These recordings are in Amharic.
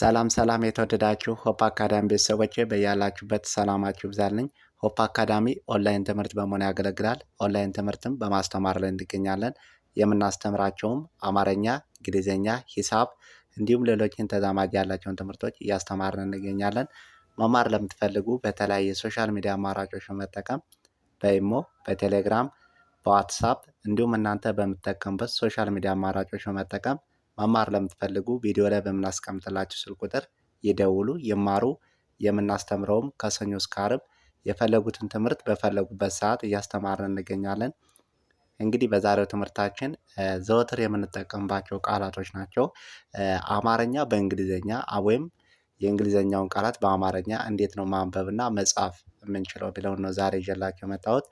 ሰላም ሰላም የተወደዳችሁ ሆፕ አካዳሚ ቤተሰቦች በያላችሁበት ሰላማችሁ ብዛልኝ። ሆፕ አካዳሚ ኦንላይን ትምህርት በመሆን ያገለግላል። ኦንላይን ትምህርትም በማስተማር ላይ እንገኛለን። የምናስተምራቸውም አማርኛ፣ እንግሊዝኛ፣ ሂሳብ እንዲሁም ሌሎችን ተዛማጅ ያላቸውን ትምህርቶች እያስተማርን እንገኛለን። መማር ለምትፈልጉ በተለያየ ሶሻል ሚዲያ አማራጮች በመጠቀም በኢሞ፣ በቴሌግራም፣ በዋትሳፕ እንዲሁም እናንተ በምትጠቀሙበት ሶሻል ሚዲያ አማራጮች በመጠቀም መማር ለምትፈልጉ ቪዲዮ ላይ በምናስቀምጥላችሁ ስልክ ቁጥር ይደውሉ፣ ይማሩ። የምናስተምረውም ከሰኞ እስከ አርብ የፈለጉትን ትምህርት በፈለጉበት ሰዓት እያስተማርን እንገኛለን። እንግዲህ በዛሬው ትምህርታችን ዘወትር የምንጠቀምባቸው ቃላቶች ናቸው። አማርኛ በእንግሊዝኛ ወይም የእንግሊዝኛውን ቃላት በአማርኛ እንዴት ነው ማንበብና መጻፍ የምንችለው ብለውን ነው ዛሬ ይዤላችሁ የመጣሁት።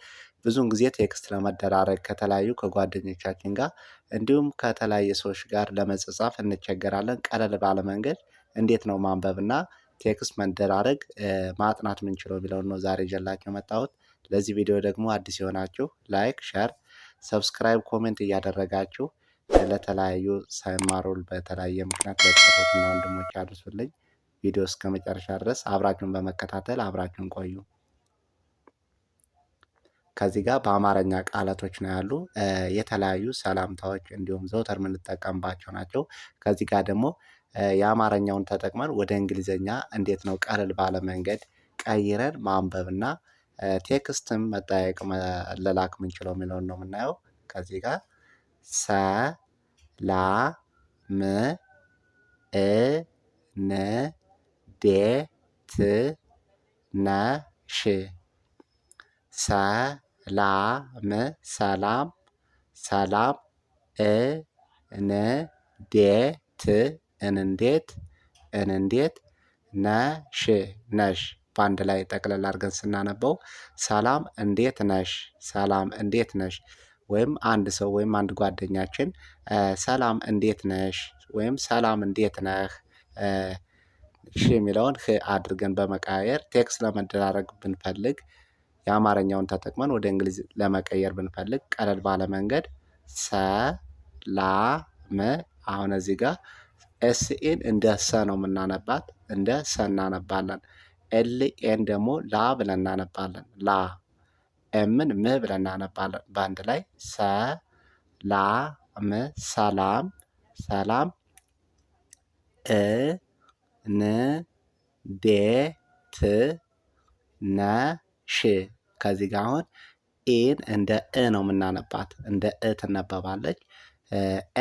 ብዙውን ጊዜ ቴክስት ለመደራረግ ከተለያዩ ከጓደኞቻችን ጋር እንዲሁም ከተለያየ ሰዎች ጋር ለመጻጻፍ እንቸገራለን። ቀለል ባለ መንገድ እንዴት ነው ማንበብ እና ቴክስት መደራረግ ማጥናት የምንችለው የሚለውን ነው ዛሬ ይዤላችሁ የመጣሁት። ለዚህ ቪዲዮ ደግሞ አዲስ የሆናችሁ ላይክ፣ ሸር፣ ሰብስክራይብ፣ ኮሜንት እያደረጋችሁ ለተለያዩ ሳይማሩል በተለያየ ምክንያት ለእህትና ወንድሞች አድርሱልኝ። ቪዲዮ እስከ መጨረሻ ድረስ አብራችሁን በመከታተል አብራችሁን ቆዩ። ከዚህ ጋር በአማርኛ ቃላቶች ነው ያሉ የተለያዩ ሰላምታዎች እንዲሁም ዘውተር የምንጠቀምባቸው ናቸው። ከዚህ ጋር ደግሞ የአማርኛውን ተጠቅመን ወደ እንግሊዘኛ እንዴት ነው ቀለል ባለ መንገድ ቀይረን ማንበብና ቴክስትም መጠያየቅ መለላክ የምንችለው የሚለውን ነው የምናየው። ከዚህ ጋር ሰ ላ ም እ ን ዴ ት ነ ሽ ሳ ላም ሰላም ሰላም እንዴት እንዴት እንዴት ነሽ ነሽ በአንድ ላይ ጠቅለል አድርገን ስናነበው ሰላም እንዴት ነሽ ሰላም እንዴት ነሽ ወይም አንድ ሰው ወይም አንድ ጓደኛችን ሰላም እንዴት ነሽ ወይም ሰላም እንዴት ነህ ሽ የሚለውን ህ አድርገን በመቃየር ቴክስት ለመደራረግ ብንፈልግ የአማርኛውን ተጠቅመን ወደ እንግሊዝ ለመቀየር ብንፈልግ ቀለል ባለ መንገድ ሰላም አሁን እዚህ ጋር ኤስኤን እንደ ሰ ነው የምናነባት፣ እንደ ሰ እናነባለን። ኤልኤን ደግሞ ላ ብለን እናነባለን። ላ ኤምን ም ብለን እናነባለን። በአንድ ላይ ሰላም ሰላም ሰላም እ ን ዴ ት ነ ሽ ከዚህ ጋር አሁን ኤን እንደ እ ነው የምናነባት፣ እንደ እ ትነበባለች።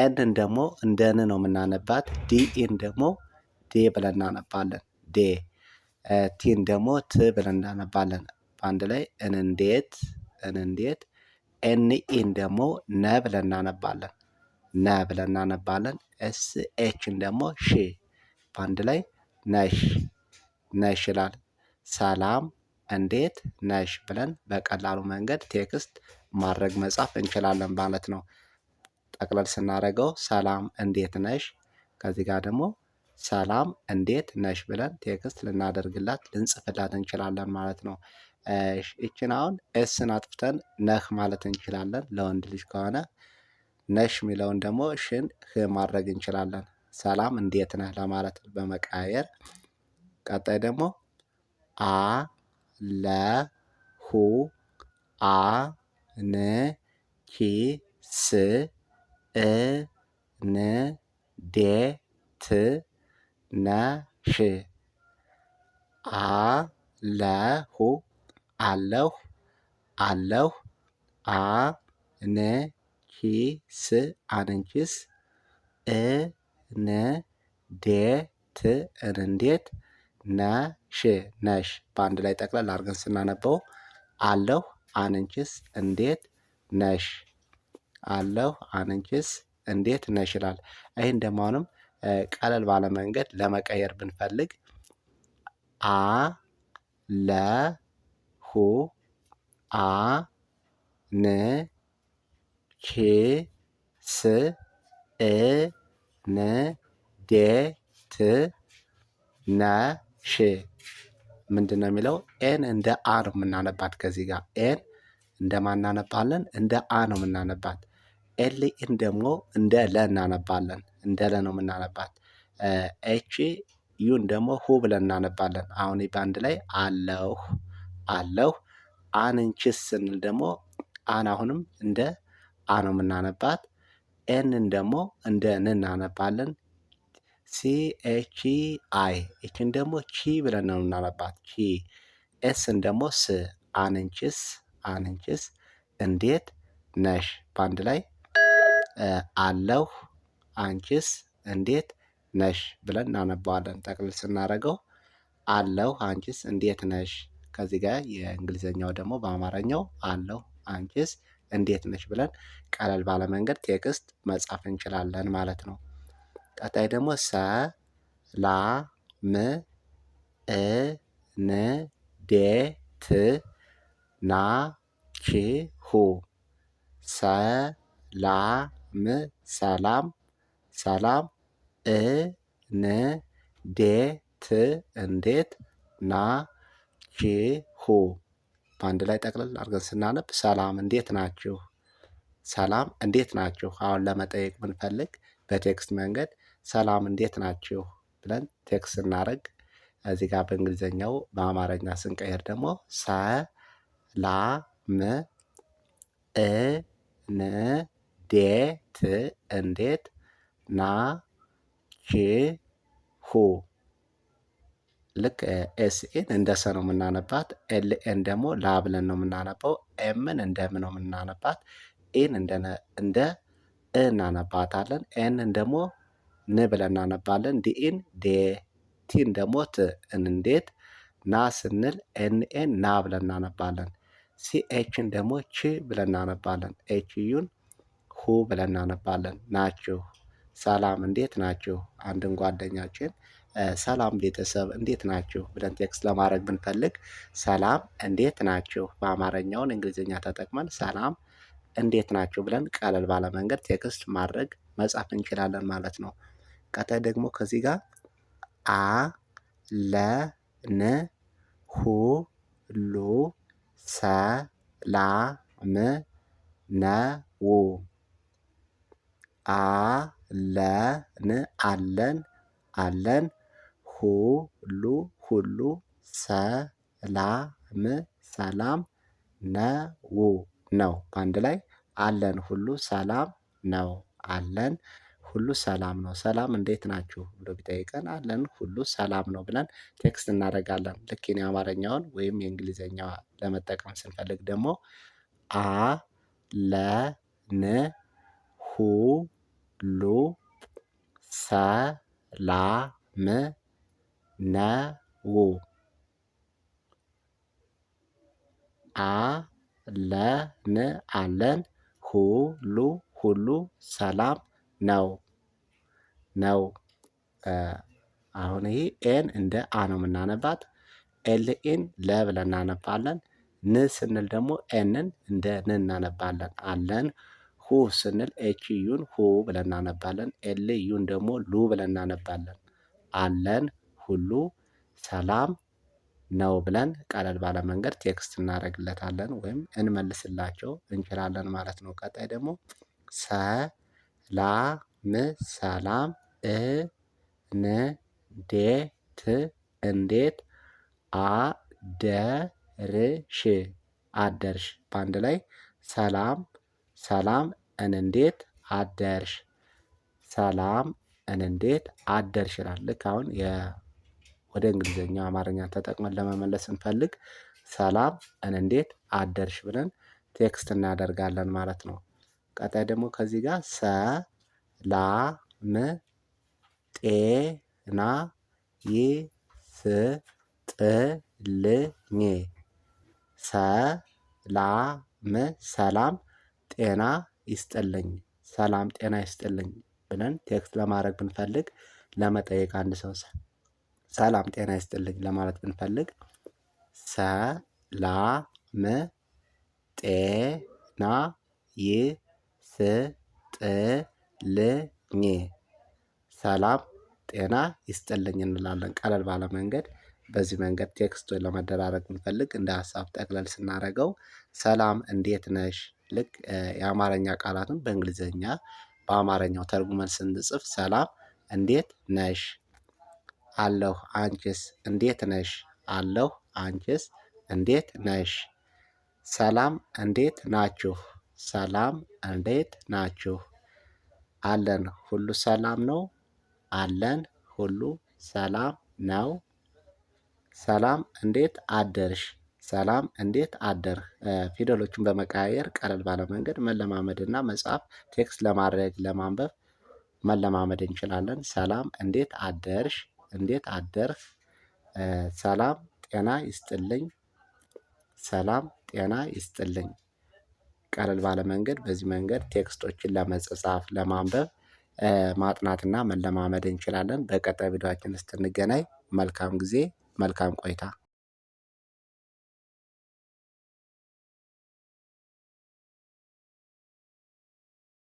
ኤንን ደግሞ እንደ ን ነው የምናነባት። ኢን ደግሞ ዴ ብለን እናነባለን። ዴ ቲን ደግሞ ት ብለን እናነባለን። በአንድ ላይ እንንዴት እንንዴት። ኤንኢን ደግሞ ነ ብለን እናነባለን። ነ ብለን እናነባለን። ኤስ ኤችን ደግሞ ሺ በአንድ ላይ ነሽ ነሽ ይላል። ሰላም እንዴት ነሽ ብለን በቀላሉ መንገድ ቴክስት ማድረግ መጻፍ እንችላለን ማለት ነው። ጠቅለል ስናደርገው ሰላም እንዴት ነሽ፣ ከዚህ ጋር ደግሞ ሰላም እንዴት ነሽ ብለን ቴክስት ልናደርግላት ልንጽፍላት እንችላለን ማለት ነው። ይችን አሁን ኤስን አጥፍተን ነህ ማለት እንችላለን። ለወንድ ልጅ ከሆነ ነሽ የሚለውን ደግሞ ሽን ህ ማድረግ እንችላለን። ሰላም እንዴት ነህ ለማለት በመቀያየር ቀጣይ ደግሞ አ ለ ሁ አ ን ኪ ስ እ ን ዴ ት ነ ሽ አ ለሁ አለሁ አለሁ አ ን ኪ ስ አንንኪስ እ ን ዴ ት እንዴት ነሽ ነሽ በአንድ ላይ ጠቅለል አድርገን ስናነበው አለሁ አንንችስ እንዴት ነሽ አለሁ አንንችስ እንዴት ነሽ ይላል። ይህን ደግሞ አሁንም ቀለል ባለ መንገድ ለመቀየር ብንፈልግ አ ለ ሁ አ ን ቺ ስ እ ን ዴ ት ነ ሼ ምንድን ነው የሚለው? ኤን እንደ አ ነው የምናነባት። ከዚህ ጋር ኤን እንደ ማ እናነባለን? እንደ አ ነው የምናነባት። ኤልኢን ደግሞ እንደ ለ እናነባለን። እንደ ለ ነው የምናነባት። ኤች ዩን ደግሞ ሁ ብለን እናነባለን። አሁን በአንድ ላይ አለሁ አለሁ። አንንችስ ስንል ደግሞ አን አሁንም እንደ አ ነው የምናነባት። ኤንን ደግሞ እንደ ን እናነባለን። ሲኤች አይ ይችን ደግሞ ቺ ብለን ነው የምናነባት። ቺ ኤስን ደግሞ ስ አንንችስ አንንችስ እንዴት ነሽ በአንድ ላይ አለሁ አንቺስ እንዴት ነሽ ብለን እናነባዋለን። ጠቅልል ስናደርገው አለሁ አንቺስ እንዴት ነሽ። ከዚህ ጋር የእንግሊዝኛው ደግሞ በአማርኛው አለሁ አንቺስ እንዴት ነሽ ብለን ቀለል ባለመንገድ ቴክስት መጻፍ እንችላለን ማለት ነው። ቀጣይ ደግሞ ሰ ላ ም እ ን ዴ ት ና ች ሁ ሰ ላ ም ሰላም ሰላም እ ን ዴ ት እንዴት ና ች ሁ በአንድ ላይ ጠቅልል አድርገን ስናነብ ሰላም እንዴት ናችሁ? ሰላም እንዴት ናችሁ? አሁን ለመጠየቅ ብንፈልግ በቴክስት መንገድ ሰላም እንዴት ናችሁ ብለን ቴክስ እናደረግ እዚህ ጋር በእንግሊዝኛው በአማርኛ ስንቀይር ደግሞ ሰላም እንዴት እንዴት ናችሁ ልክ ኤስኤን እንደ ሰ ነው የምናነባት። ኤልኤን ደግሞ ላ ብለን ነው የምናነባው። ኤምን እንደ ም ነው የምናነባት። ኤን እንደ እ እናነባታለን። ኤንን ደግሞ ን ብለን እናነባለን። ዲኢን ዴ ቲን ደግሞ ት እንዴት ና ስንል ኤንኤን ና ብለን እናነባለን። ሲኤችን ደግሞ ቺ ብለን እናነባለን። ኤችዩን ሁ ብለን እናነባለን። ናችሁ ሰላም እንዴት ናችሁ? አንድን ጓደኛችን ሰላም ቤተሰብ እንዴት ናችሁ ብለን ቴክስት ለማድረግ ብንፈልግ ሰላም እንዴት ናችሁ በአማርኛውን እንግሊዝኛ ተጠቅመን ሰላም እንዴት ናችሁ ብለን ቀለል ባለ መንገድ ቴክስት ማድረግ መጻፍ እንችላለን ማለት ነው። ቀጣይ ደግሞ ከዚህ ጋር አ ለ ን ሁ ሉ ሰ ላ ም ነ ው አ ለ ን አለን አለን ሁ ሉ ሁሉ ሰ ላ ም ሰላም ነው ነው በአንድ ላይ አለን ሁሉ ሰላም ነው አለን ሁሉ ሰላም ነው ሰላም እንዴት ናችሁ ብሎ ቢጠይቀን አለን ሁሉ ሰላም ነው ብለን ቴክስት እናደርጋለን። ልክ የኔ አማርኛውን ወይም የእንግሊዝኛ ለመጠቀም ስንፈልግ ደግሞ አ ለ ን ሁ ሉ ሰ ላ ም ነ ው አ ለ ን አለን ሁሉ ሁሉ ሰላም ነው ነው። አሁን ይሄ ኤን እንደ አ ነው የምናነባት። ኤል ኤን ለ ብለን እናነባለን። ን ስንል ደግሞ ኤንን እንደ ን እናነባለን። አለን ሁ ስንል ኤች ዩን ሁ ብለን እናነባለን። ኤል ዩን ደግሞ ሉ ብለን እናነባለን። አለን ሁሉ ሰላም ነው ብለን ቀለል ባለ መንገድ ቴክስት እናደርግለታለን ወይም እንመልስላቸው እንችላለን ማለት ነው። ቀጣይ ደግሞ ሰላም ሰላም እንዴት እንዴት አደርሽ አደርሽ በአንድ ላይ ሰላም ሰላም እንዴት አደርሽ ሰላም እንዴት አደርሽ ይላል። ልክ አሁን ወደ እንግሊዝኛው አማርኛ ተጠቅመን ለመመለስ እንፈልግ ሰላም እንዴት አደርሽ ብለን ቴክስት እናደርጋለን ማለት ነው። ቀጣይ ደግሞ ከዚህ ጋር ሰላም ጤና ይስጥልኝ። ሰላም ሰላም ጤና ይስጥልኝ ሰላም ጤና ይስጥልኝ ብለን ቴክስት ለማድረግ ብንፈልግ ለመጠየቅ አንድ ሰው ሰላም ጤና ይስጥልኝ ለማለት ብንፈልግ ሰላም ጤና ይስጥልኝ ሰላም ጤና ይስጥልኝ እንላለን። ቀለል ባለ መንገድ በዚህ መንገድ ቴክስቱን ለመደራረግ ብንፈልግ እንደ ሀሳብ ጠቅለል ስናደርገው ሰላም እንዴት ነሽ ልክ የአማርኛ ቃላትን በእንግሊዘኛ በአማርኛው ተርጉመን ስንጽፍ ሰላም እንዴት ነሽ አለሁ አንቺስ እንዴት ነሽ አለሁ አንቺስ እንዴት ነሽ ሰላም እንዴት ናችሁ ሰላም እንዴት ናችሁ አለን ሁሉ ሰላም ነው አለን ሁሉ ሰላም ነው። ሰላም እንዴት አደርሽ? ሰላም እንዴት አደርህ? ፊደሎቹን በመቀያየር ቀለል ባለ መንገድ መለማመድና መጻፍ ቴክስት ለማድረግ ለማንበብ መለማመድ እንችላለን። ሰላም እንዴት አደርሽ? እንዴት አደርህ? ሰላም ጤና ይስጥልኝ። ሰላም ጤና ይስጥልኝ። ቀለል ባለ መንገድ በዚህ መንገድ ቴክስቶችን ለመጻፍ ለማንበብ ማጥናትና መለማመድ እንችላለን። በቀጣይ ቪዲዮአችን ስትንገናኝ መልካም ጊዜ መልካም ቆይታ